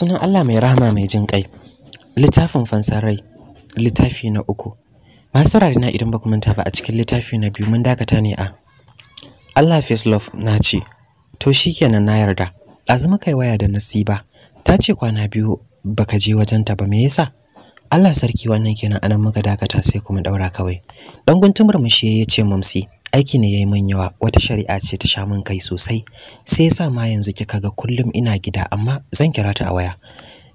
sunan Allah mai rahama mai jin ƙai littafin fansar rai littafi na uku masu na idan ba ku manta ba a cikin littafi na biyu mun dakata ne a Allah face love na ce to shikenan na yarda azumi kai waya da nasiba ta ce kwana biyu baka je wajenta ba me yasa Allah sarki wannan kenan anan muka dakata sai kuma daura kawai dan guntun mu shi yace mamsi. aiki ne yayi mun yawa wata shari'a ce ta sha mun kai sosai sai yasa ma yanzu kika ga kullum ina gida amma zan kira ta a waya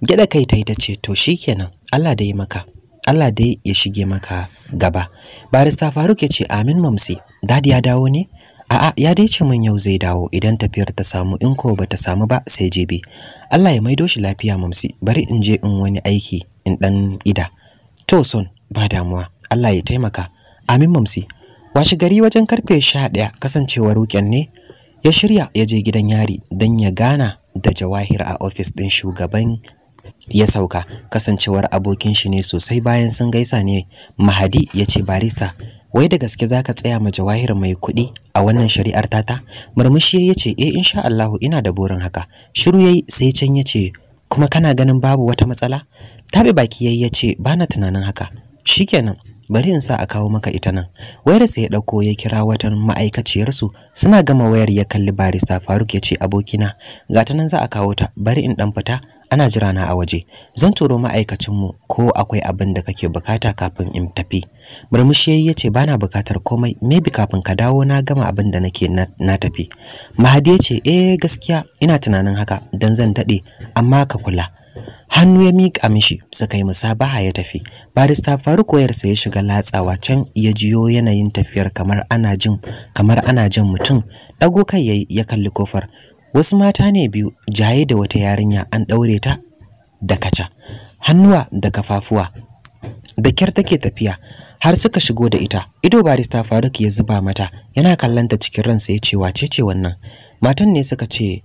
gida kai ta ta ce to shikenan Allah da ya maka Allah dai ya shige maka gaba barista Faruk ya ce amin mamsi dadi ya dawo ne a'a ya dai ce min yau zai dawo idan tafiyar ta samu in ko bata samu ba sai bi Allah ya maido shi lafiya mamsi bari in je in wani aiki in dan ida to son ba damuwa Allah ya taimaka amin mamsi Washi gari wajen karfe 11 kasancewar weekend ne ya shirya ya je gidan yari don ya gana da Jawahir a ofis din shugaban ya sauka kasancewar abokin shi ne sosai bayan sun gaisa ne Mahadi ya ce barista wai da gaske zaka tsaya ma Jawahir mai kuɗi a wannan shari'ar tata murmushi ya ce eh insha Allah ina da burin haka shiru yayi sai can ya ce kuma kana ganin babu wata matsala tabi baki yayi ya ce bana tunanin haka shi shikenan bari in sa a kawo maka ita nan wayar sai ya dauko ya kira watan ma'aikaciyar su suna gama wayar ya kalli barista Faruk ya ce abokina gata nan za a kawo ta bari in dan fita ana jira na a waje zan turo ma'aikacin mu ko akwai abin da kake bukata kafin in tafi murmushi yayi yace bana bukatar komai maybe kafin ka dawo na gama abin da nake na tafi mahadi yace eh gaskiya ina tunanin haka dan zan dade amma ka kula hannu ya miƙa mishi suka yi musabaha ya tafi barista faruk wayarsa ya shiga latsawa can ya jiyo yanayin tafiyar kamar ana jin kamar ana jin mutum ɗago kai ya, ya kalli kofar wasu mata ne biyu jaye da wata yarinya an ɗaure ta da kaca hannuwa da kafafuwa da kyar take tafiya har suka shigo da ita ido barista faruk ya zuba mata yana kallanta cikin ransa ya ce wace ce wannan matan ne suka ce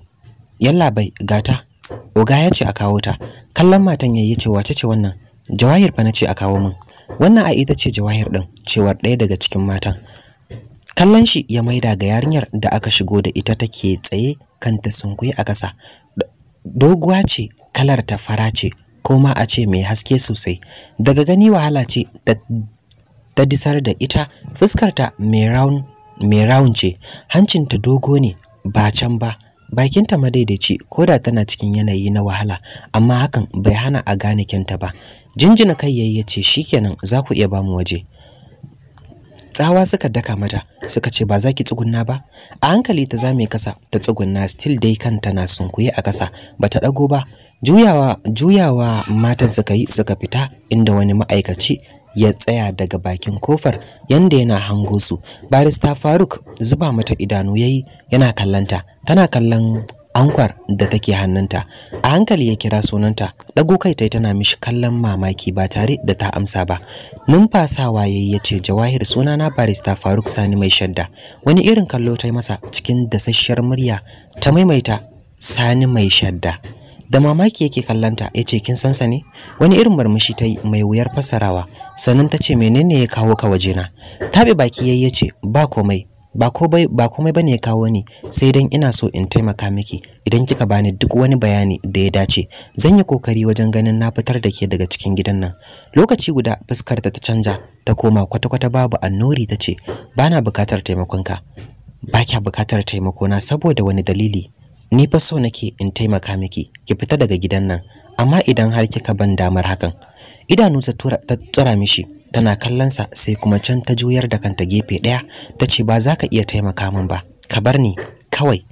yalla bai gata oga ya ce a kawo ta kallon matan yayi ce wace ce wannan jawahir fa nace a kawo min wannan a ita ce jawahir din cewar ɗaya daga cikin matan kallon shi ya maida ga yarinyar da aka shigo da ita take tsaye kanta sunkuye a ƙasa doguwa ce kalar ta fara ce ko ma a ce mai haske sosai daga gani wahala ce ta disar da ita fuskarta mai round ce hancinta dogo ne ba can ba bakinta madaidaici ko da tana cikin yanayi na wahala amma hakan bai hana a gane kyanta ba jinjina kai yayi ya ce shikenan za ku iya bamu waje tsawa suka daka mata suka ce ba za ki tsugunna ba a hankali ta zame kasa ta tsugunna still dai kanta na sunkuye a kasa ba ta dago ba juyawa juyawa matan suka yi suka fita inda wani ma'aikaci ya tsaya daga bakin kofar yanda yana hango su barista faruk zuba mata idanu yayi yana kallanta tana kallon ankwar da take hannunta a hankali ya kira sunanta dago kai tai tana mishi kallon mamaki ba tare da ta amsa ba numfasawa yayi yace jawahir sunana barista faruk sani mai shadda wani irin kallo tai masa cikin dasasshiyar murya ta maimaita sani mai shadda da mamaki yake kallanta ya ce kin san sa wani irin murmushi ta mai wuyar fassarawa sannan ta ce menene ya kawo ka waje na tabe baki yayi ya ce ba komai ba komai ba komai bane ya kawo ni sai dan ina so in taimaka miki idan kika bani duk wani bayani da ya dace zan yi kokari wajen ganin na fitar da ke daga cikin gidan nan lokaci guda fuskar ta ta canja ta koma kwata-kwata babu annori tace ce bana bukatar ka. ba kya bukatar taimako na saboda wani dalili ni fa so nake in taimaka miki ki fita daga gidan nan amma idan har kika ban damar hakan idanu ta tura ta tsara mishi tana kallonsa sai kuma can ta juyar da kanta gefe daya ta ce ba za ka iya taimaka min ba ka bar ni kawai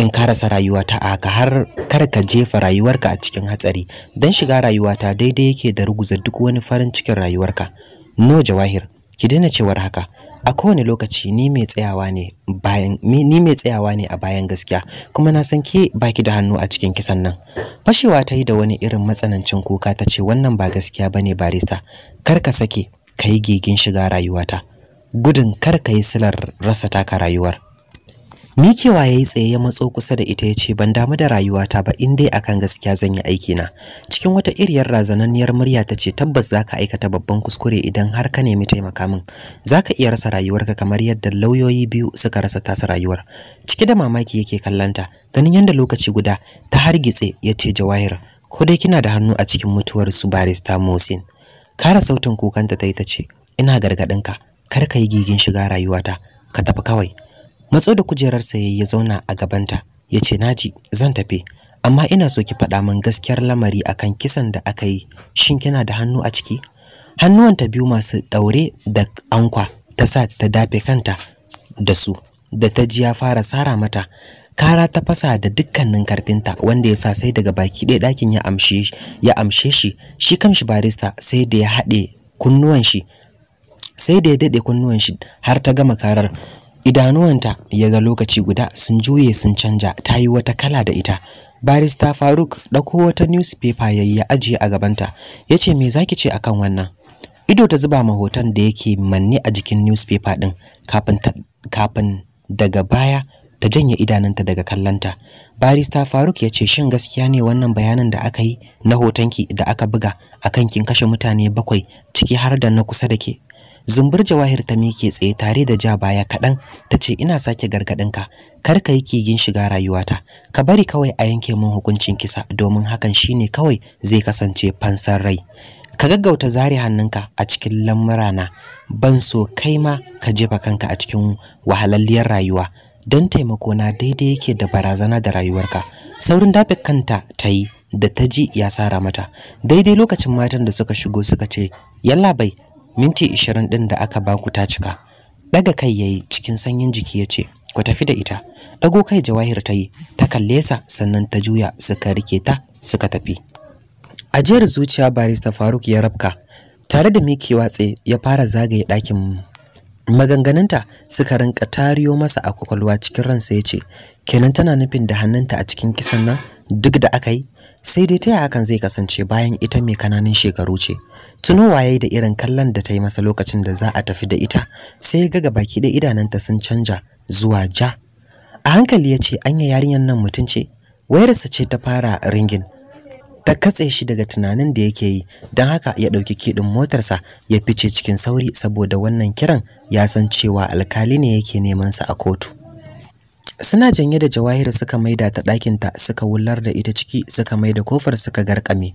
in karasa rayuwata a haka har kar ka jefa rayuwarka a cikin hatsari don shiga rayuwata daidai yake da ruguza duk wani farin cikin rayuwarka no jawahir ki daina cewar haka a kowane lokaci ni mai tsayawa ne bayan ni mai tsayawa ne a bayan gaskiya kuma na san ke baki da hannu a cikin kisan nan fashewa ta yi da wani irin matsanancin kuka ta ce wannan ba gaskiya bane barista kar ka sake ka gigin shiga rayuwata gudun kar ka yi silar rasa taka rayuwar Ni cewa yayi tsaye ya matso kusa da ita yace ban damu da rayuwata ba in dai akan gaskiya zan yi aiki na. Cikin wata iriyar razananniyar murya tace tabbas zaka aikata babban kuskure idan har ka nemi taimaka min. Zaka iya rasa rayuwarka kamar yadda lauyoyi biyu suka rasa tasa rayuwar. Ciki da mamaki yake kallanta, ganin yanda lokaci guda ta hargitse yace Jawahir, ko dai kina da hannu a cikin mutuwar su barista Mohsin. Kara sautin kukanta tayi ce, ina ka, kar ka yi gigin shiga rayuwata ka tafi kawai. matso da kujerar sa ya zauna a gabanta ya ce naji zan tafi amma ina so ki faɗa min gaskiyar lamari akan kisan da aka yi shin kina da hannu a ciki hannuwanta biyu masu ɗaure da ankwa ta sa ta dafe kanta da su da ta ji ya fara sara mata kara ta fasa da dukkanin karfinta wanda ya sa sai daga baki ɗaya ɗakin ya amshe ya amshe shi shi kamshi barista sai da ya haɗe kunnuwan shi sai da ya daɗe kunnuwan shi har ta gama karar idanuwanta ya ga lokaci guda sun juye sun canja ta yi wata kala da ita barista faruk ɗauko wata newspaper ya yi ajiye a gabanta ya ce me zaki ce akan wannan ido ta zuba ma hoton da yake manne a jikin newspaper ɗin kafin daga baya ta janye idanunta daga kallanta barista faruk ya ce shin gaskiya ne wannan bayanin da aka yi na hotonki da aka buga akan kin kashe mutane bakwai ciki har da na kusa da ke zumbur jawahir ta mike tsaye tare da ja baya kaɗan ta ce ina sake gargaɗinka kar ka yi kigin shiga rayuwata ka bari kawai a yanke mun hukuncin kisa domin hakan shine kawai zai kasance fansar rai ka gaggauta zare hannunka a cikin lamurana ban so kai ma ka jefa kanka a cikin wahalalliyar rayuwa don taimakona daidai yake da barazana da rayuwarka saurin dafe kanta ta yi da taji ji ya sara mata daidai lokacin matan da suka shigo suka ce yalla bai minti ishirin ɗin da aka baku ta cika daga kai yayi cikin sanyin jiki yace ku tafi da ita ɗago kai jawahir ta yi ta kalle sa sannan ta juya suka rike ta suka tafi ajiyar zuciya barista faruk ya rabka tare da miki watse ya fara zagaye ɗakin maganganunta suka rinka tariyo masa a kwakwalwa cikin ransa yace kenan tana nufin da hannunta a cikin kisan nan duk da aka yi sai dai ta hakan zai kasance bayan ita mai kananan shekaru ce tuno waye da irin kallon da ta yi masa lokacin da za a tafi da ita sai ga baki da idananta sun canja zuwa ja a hankali ya ce anya yarinyar nan mutum ce wayarsa ce ta fara ringin ta katse shi daga tunanin da yake yi don haka ya ɗauki kiɗin motarsa ya fice cikin sauri saboda wannan kiran ya san cewa alkali ne yake neman sa a kotu suna janye da jawahir suka maida ta ɗakinta suka wular da ita ciki suka maida kofar suka garkame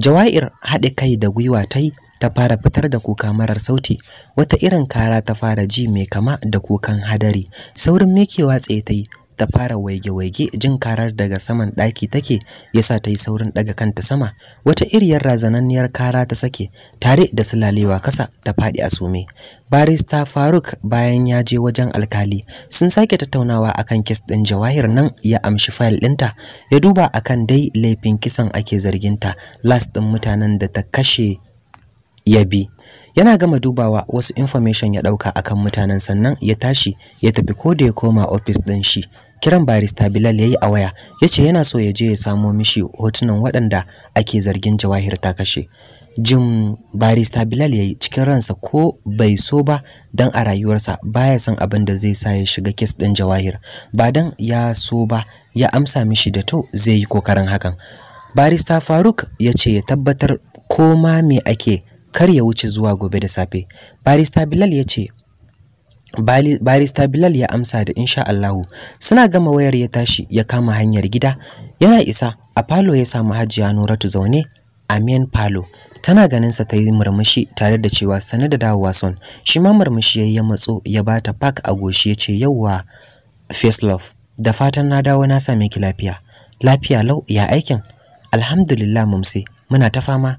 jawahir haɗe kai da gwiwa ta yi ta fara fitar da kuka marar sauti wata irin kara ta fara ji mai kama da kukan hadari saurin mekewa tsaye ta yi ta fara waige-waige jin karar daga saman ɗaki take sa ta yi saurin ɗaga kanta sama wata iriyar razananniyar kara ta sake tare da sulalewa kasa ta faɗi a sume barista faruk bayan ya je wajen alkali sun sake tattaunawa akan kes ɗin jawahir nan ya amshi fayil ɗinta ya duba akan dai laifin kisan ake zarginta last ɗin mutanen da ta kashe ya bi yana gama dubawa wasu information ya dauka akan mutanen sannan ya tashi ya tafi ko da ya koma ofis ɗin shi kiran barista Bilal yayi a waya yace yana so ya je ya samo mishi hotunan waɗanda ake zargin Jawahir ta kashe jim barista Bilal yayi cikin ransa ko bai so ba dan a rayuwarsa baya san abin da zai sa ya shiga kes din Jawahir ba dan ya so ba ya amsa mishi da to zai yi kokarin hakan barista Faruk yace ya tabbatar ko ma me ake kar ya wuce zuwa gobe da safe barista Bilal yace barista Bilal ya amsa da insha Allahu suna gama wayar ya tashi ya kama hanyar gida yana isa a falo ya samu Hajiya Nuratu zaune Amen Palo tana ganinsa sa ta yi murmushi tare da cewa sanar da dawowa son shi ma murmushi yayi ya matso ya bata pack a goshi yace yauwa face love da fatan na dawo na same ki lafiya lafiya lau ya aikin alhamdulillah mumse muna ta fama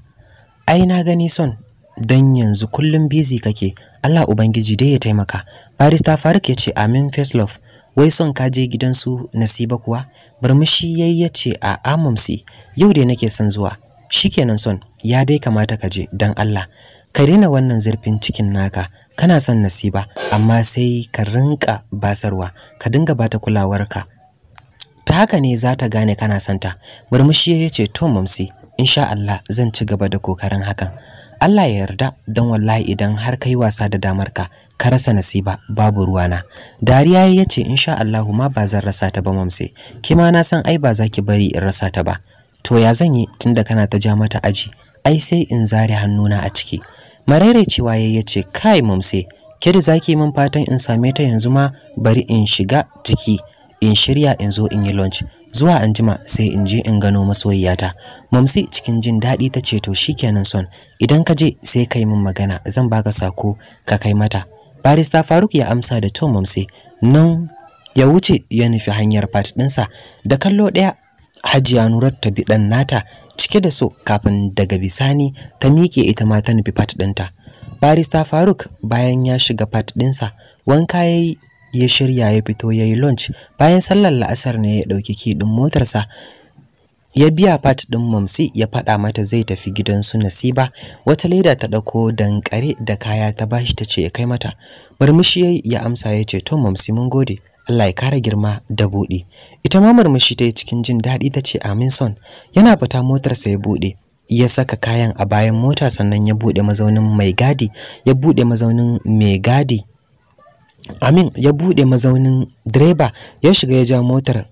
ai na gani son dan yanzu kullum busy kake Allah ubangiji dai ya taimaka barista Faruk ya ce amin face love wai son ka je gidansu nasiba kuwa murmushi yayi ya ce a amumsi yau dai nake son zuwa shikenan son ya dai kamata ka je dan Allah ka daina wannan zurfin cikin naka kana son nasiba amma sai ka rinka basarwa ka dinga bata kulawarka ta haka ne za ta gane kana santa murmushi ya ce to mamsi insha Allah zan ci gaba da kokarin hakan Allah ya yarda don wallahi idan har kai wasa da damarka ka rasa nasiba babu ruwa na. dariya ya ce insha Allahu ma ba zan rasa ta ba mamse Kima na san ai ba za bari in rasa ta ba to ya zan yi tunda kana ta ja mata aji ai sai in zare hannuna a ciki cewa ya ce kai mamse ki da zaki min fatan in same ta yanzu ma bari in shiga ciki in shirya in zo in yi lunch zuwa anjima sai in je in gano masoyiyata mamsi cikin jin daɗi ta ce to shikenan son idan ka je sai kai min magana zan baka sako ka kai mata barista faruk ya amsa da to mamsi nan ya wuce ya nufi hanyar fat dinsa. da kallo ɗaya hajiya nurar ta bi dan nata cike da so kafin daga bisani ta miƙe ita ma ta nufi fat dinta. barista faruk bayan ya shiga fat dinsa, wanka yayi ya shirya ya fito ya yi lunch bayan sallar la'asar ne ya ɗauki kiɗin motarsa ya biya fat ɗin mamsi ya faɗa mata zai tafi gidan su nasiba wata leda ta ɗauko dankare da kaya ta bashi ta ce ya kai mata murmushi ya amsa ya ce to mamsi mun gode Allah ya kara girma da buɗe ita ma murmushi ta yi cikin jin daɗi ta ce amin son yana fita motarsa ya buɗe ya saka kayan a bayan mota sannan ya buɗe mazaunin mai gadi ya buɗe mazaunin mai gadi Amin ya buɗe mazaunin direba ya shiga ya ja motar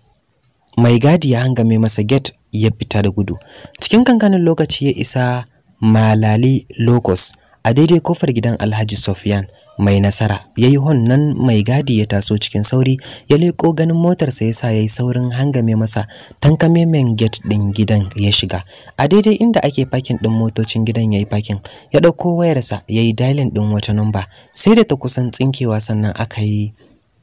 mai gadi ya hanga masa gate ya fita da gudu cikin kankanin lokaci ya isa malali locus a daidai kofar gidan alhaji sofyan mai nasara ya yi honnan mai gadi ya taso cikin sauri ya leko ganin motarsa ya sa ya yi saurin hangame masa tankame men gate ɗin gidan ya shiga a daidai inda ake pakin ɗin motocin gidan ya yi pakin, ya ɗauko wayarsa ya yi dialing ɗin wata numba sai da ta kusan tsinkewa sannan aka yi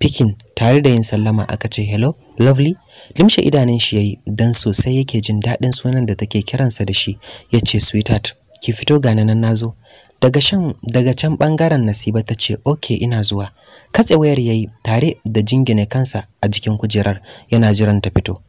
Pikin, tare da yin sallama aka ce hello lovely limshe idanun shi yi, dan sosai yake jin daɗin sunan da take kiransa da shi Ya ce sweetheart ki fito ga nan nazo daga shan daga can bangaren Nasiba ta ce okay ina zuwa katse wayar yayi tare da jingine kansa a jikin kujerar yana jiran ta fito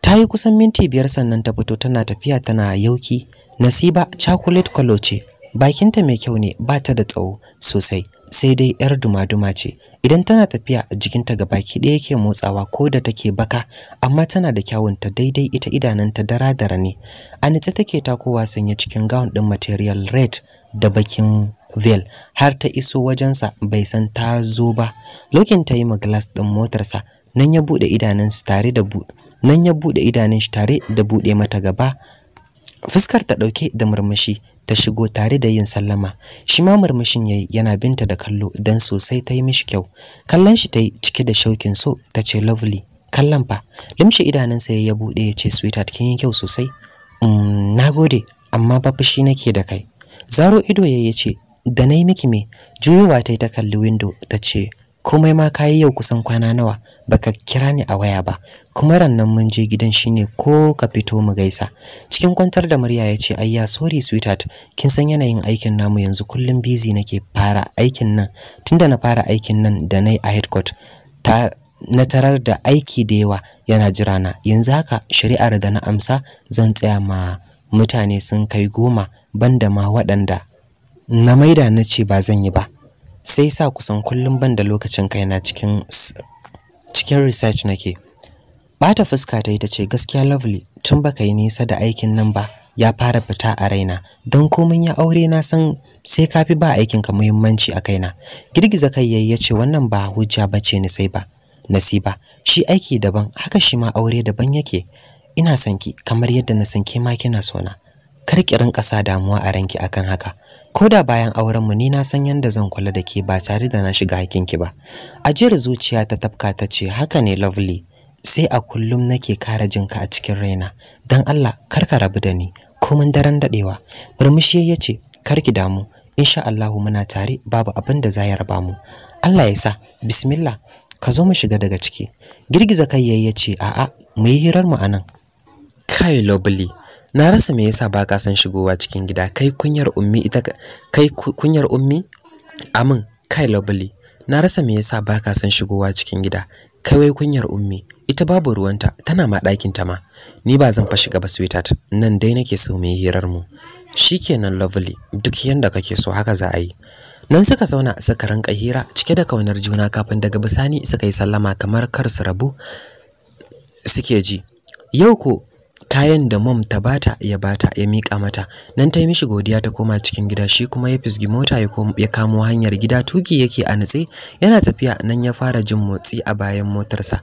ta yi kusan minti biyar sannan ta fito tana tafiya tana yauki Nasiba chocolate color ce bakinta mai kyau ne ba ta da tsawo sosai sai dai yar duma-duma ce idan tana tafiya jikinta baki ɗaya yake motsawa ko da take baka amma tana da kyawunta daidai ita idananta dara-dara ne a nitse take takowa sanye cikin gown ɗin material red da bakin veil har ta iso wajensa bai san ta zo ba lokin ta yi ma glass ɗin motarsa nan ya buɗe idanunsa tare da bu nan ya buɗe idanun shi tare da buɗe mata gaba fuskar ta ɗauke da murmushi ta shigo tare da yin sallama shi ma murmushin yayi yana binta da kallo dan sosai ta yi mishi kyau kallon shi ta yi cike da shaukin so ta ce lovely kallon fa limshi idanunsa ya buɗe ya ce sweetheart kin yi kyau sosai mm, nagode amma ba fushi nake da kai zaro ido yayi ce da nayi miki me juyowa tai ta kalli window ta ce komai ma kayi yau kusan kwana nawa baka kira ni a waya ba kuma rannan mun je gidan shine ko ka fito mu gaisa cikin kwantar da murya ya ce ayya sorry sweetheart kin san yanayin aikin namu yanzu kullum busy nake fara aikin nan tunda na fara aikin nan da nayi a headcourt ta na tarar da aiki da yawa yana jirana. yanzu haka shari'ar da na amsa zan tsaya ma mutane sun kai goma banda ma waɗanda na maida na ce ba zan yi ba sai sa kusan kullum banda lokacin kaina cikin cikin research nake bata fuska ta yi ta ce gaskiya lovely tun baka yi nisa da aikin nan ba ya fara fita a raina don komin ya aure na san sai kafi ba aikin ka muhimmanci a kaina girgiza kai yayi yace wannan ba hujja bace ni sai ba nasiba shi aiki daban haka shi ma aure daban yake ina sanki, kamar yadda na san ke ma kina sona kar ki rinka sa damuwa a ranki akan haka koda bayan auren mu ni na san yanda zan kula da ke ba tare da na shiga hakin ki ba ajiyar zuciya ta tafka ta ce haka ne lovely sai a kullum nake kara jinka a cikin raina dan Allah kar ka rabu da ni ko mun daren dadewa burmushi ya ce kar ki damu insha Allah muna tare babu abin da za ya raba mu Allah ya sa bismillah ka zo mu shiga daga ciki girgiza kai ya ce a'a mu yi hirar mu anan Kai lovely. Na rasa me yasa ba ka san shigowa cikin gida. Kai kunyar ummi ita kai kunyar ummi? Amin, kai lovely. Na rasa me yasa ba ka san shigowa cikin gida. Kai wai kunyar ummi. Ita babu ruwanta, tana ma ɗakin ta ma. Ni ba zan fa shiga ba sweetheart. Nan dai nake so mu hirar mu. Shikenan lovely. Duk yanda kake so haka za a yi. Nan suka zauna suka ranka hira cike da kaunar juna kafin daga bisani suka yi sallama kamar kar su rabu suke ji. Yau ko kayan da mom ta bata ya bata ya mika mata nan ta yi mishi godiya ta koma cikin gida shi kuma ya fisgi mota ya kamo hanyar gida tuki yake a nutse yana tafiya nan ya fara jin motsi a bayan motarsa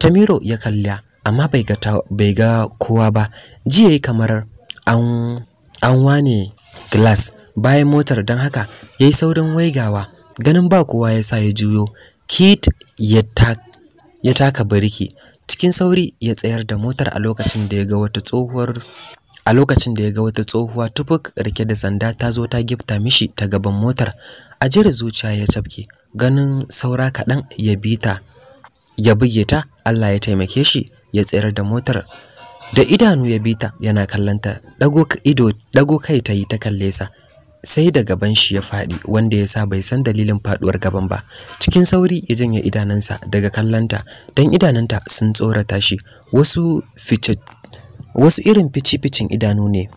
tamiro ya kalla amma bai ga bai ga kowa ba ji yayi kamar an an wane glass bayan motar don haka yayi saurin waigawa ganin ba kowa ya sa ya juyo kit ya taka birki cikin sauri ya tsayar da motar a lokacin da ya ga wata tsohuwar a lokacin da ya ga wata tsohuwa tufuk rike da sanda ta zo ta gifta mishi ta gaban motar a jira zuciya ya cafke ganin saura kaɗan ya bi ta ya buge ta Allah ya taimake shi ya tsayar da motar da idanu ya bi ta yana kallanta dago ido dago kai ta yi ta kalle sa sai da gaban shi ya faɗi wanda ya sa bai san dalilin faɗuwar gaban ba cikin sauri ya janye idanansa daga kallanta don idananta sun tsorata shi wasu fice wasu irin fici-ficin idanu ne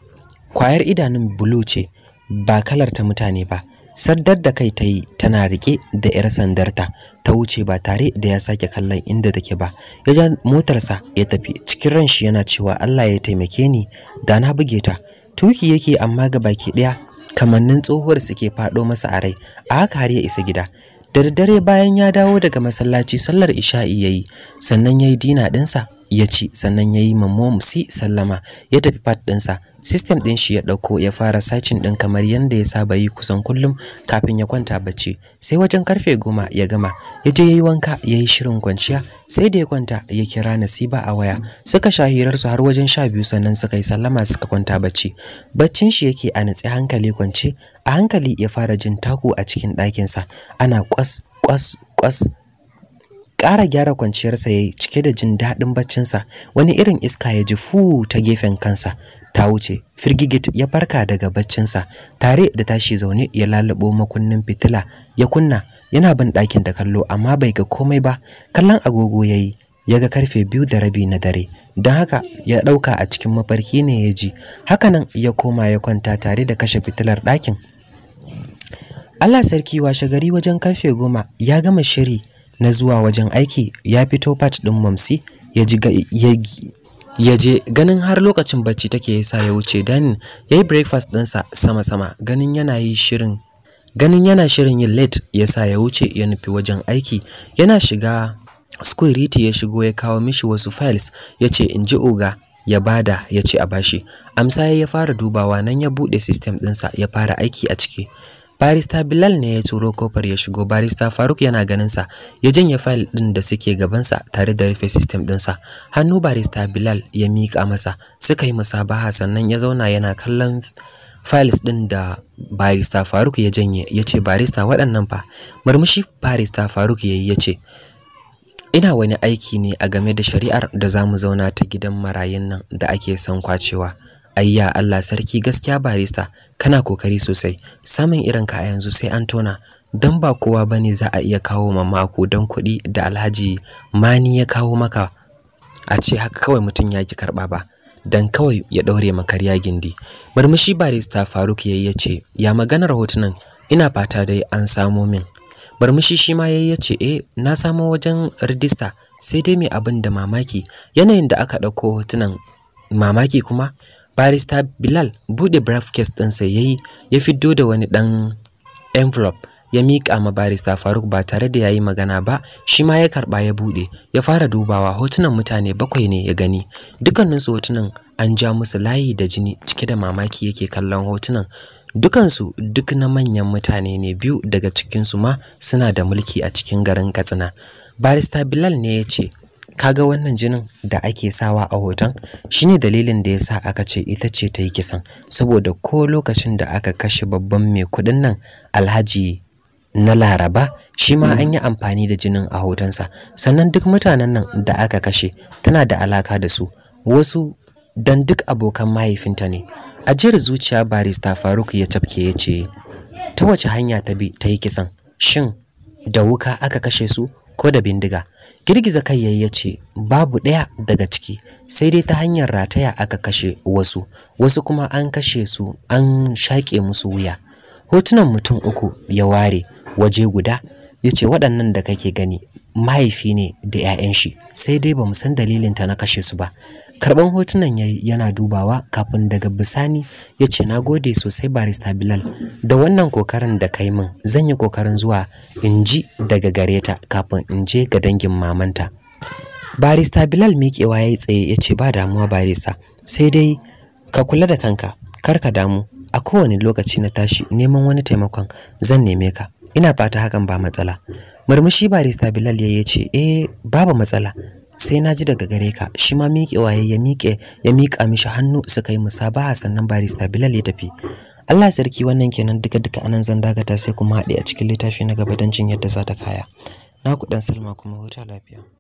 kwayar idanun bulu ce ba kalar ta mutane ba saddar da kai ta yi tana rike da 'yar sandarta ta wuce ba tare da ya sake kallon inda take ba ya ja motarsa ya tafi cikin ran shi yana cewa Allah ya taimake ni da na buge ta tuki yake amma ga baki daya kamannin tsohuwar suke faɗo masa a rai a haka har ya isa gida da daddare bayan ya dawo daga masallaci sallar isha'i yayi sannan yayi dina ɗinsa ya ci sannan yayi mammo musi sallama ya tafi fat ɗinsa System ɗin shi ya ɗauko ya fara sacin ɗin kamar yadda ya saba yi kusan kullum kafin ya kwanta bacci. Sai wajen karfe goma ya gama, ya je ya wanka ya yi shirin kwanciya, sai da ya kwanta ya kira Nasiba a waya. Suka sha hirarsu har wajen sha biyu sannan suka yi sallama suka kwanta bacci. Baccin shi yake a natse hankali kwance, a hankali ya fara jin taku a cikin ɗakinsa. Ana kwas kwas kwas ƙara gyara kwanciyarsa ya yi cike da jin daɗin baccinsa wani irin iska ya ji fu ta gefen kansa ta wuce firgigit ya farka daga baccinsa tare da tashi zaune ya lalubo makunnin fitila ya kunna yana bin ɗakin da kallo amma bai ga komai ba kallon agogo ya yi ya ga karfe biyu da rabi na dare don haka ya ɗauka a cikin mafarki ne ya ji hakanan ya koma ya kwanta tare da kashe fitilar ɗakin Allah sarki washe gari wajen karfe goma ya gama shiri na zuwa wajen aiki ya fito pat din mamsi ya ji ya je ganin har lokacin bacci take yasa ya wuce dan yayi breakfast ɗinsa sama-sama ganin yana yi shirin ganin yana shirin yin late yasa ya wuce ya nufi wajen aiki yana shiga security ya shigo ya kawo mishi wasu files ya ce in ji oga ya bada ya ce a bashi amsa ya fara dubawa nan ya buɗe system ɗinsa ya fara aiki a ciki barista Bilal ne ya turo kofar ya shigo barista Faruk yana ganinsa ya janye fayil ɗin da suke gabansa tare da rufe system ɗinsa hannu barista Bilal ya mika masa suka yi musabaha sannan ya zauna yana kallon files ɗin da barista Faruk ya janye ya ce barista waɗannan fa murmushi barista Faruk yayi yace ya ce ina wani aiki ne a game da shari'ar da zamu zauna ta gidan marayun nan da ake son kwacewa Ayya Allah sarki gaskiya barista kana kokari sosai samun irin ka yanzu sai an tona dan ba kowa bane za a iya kawo mamako dan kuɗi da Alhaji Mani ya kawo maka a ce haka kawai mutum ya ki karba ba dan kawai ya daure makarya gindi murmushi barista Faruk yayi ce ya maganar hotunan ina fata dai an samo min barmishi shi ma yayi yace eh na samo wajen rijista sai dai mai abin da mamaki yanayin da aka dauko hotunan mamaki kuma barista Bilal bude briefcase ɗinsa ya yi ya fiddo da wani ɗan envelope ya miƙa ma barista Faruk ba tare da yayi magana ba shi ma ya karɓa ya buɗe, ya fara dubawa hotunan mutane bakwai ne ya gani dukkaninsu hotunan an ja musu layi da jini cike da mamaki yake kallon hotunan dukansu duk na manyan mutane ne biyu daga cikinsu ma suna da mulki a cikin garin Katsina barista Bilal ne ya ce kaga wannan jinin da ake sawa a hoton shine dalilin da yasa aka ce ita ce ta yi kisan saboda ko lokacin da aka kashe babban mai kudin nan Alhaji na Laraba shi ma mm. an yi amfani da jinin a hotonsa sannan duk mutanen nan da aka kashe tana da alaka da su wasu dan duk abokan mahaifinta ne ajiyar zuciya barista Faruk ya tafke ya ce ta wace hanya ta bi ta yi kisan shin da wuka aka kashe su ko da bindiga girgiza kai yayi yace babu ɗaya daga ciki sai dai ta hanyar rataya aka kashe wasu wasu kuma an kashe su an shaƙe musu wuya hotunan mutum uku ya ware waje guda yace waɗannan da kake gani mahaifi ne da 'ya'yan shi sai dai bamu san dalilin ta na kashe su ba karban hotunan yayi yana dubawa kafin daga bisani ya ce na gode sosai barista bilal da wannan kokarin da kai min zan yi kokarin zuwa in ji daga gareta kafin in je ga dangin mamanta barista bilal miƙewa ya yi tsaye ya ce ba damuwa barista sai dai ka kula da kanka kar ka damu a kowane lokaci na tashi neman wani taimakon zan neme ka ina fata hakan ba matsala murmushi barista bilal ya ce eh babu matsala sai na ji daga gare ka shi ma miƙewa ya miƙe ya miƙa mishi hannu suka yi musabaha sannan barista Bilal ya tafi Allah sarki wannan kenan duka duka anan zan dagata sai kuma haɗe a cikin littafi na gaba don jin yadda za ta kaya na ku dan Salma kuma huta lafiya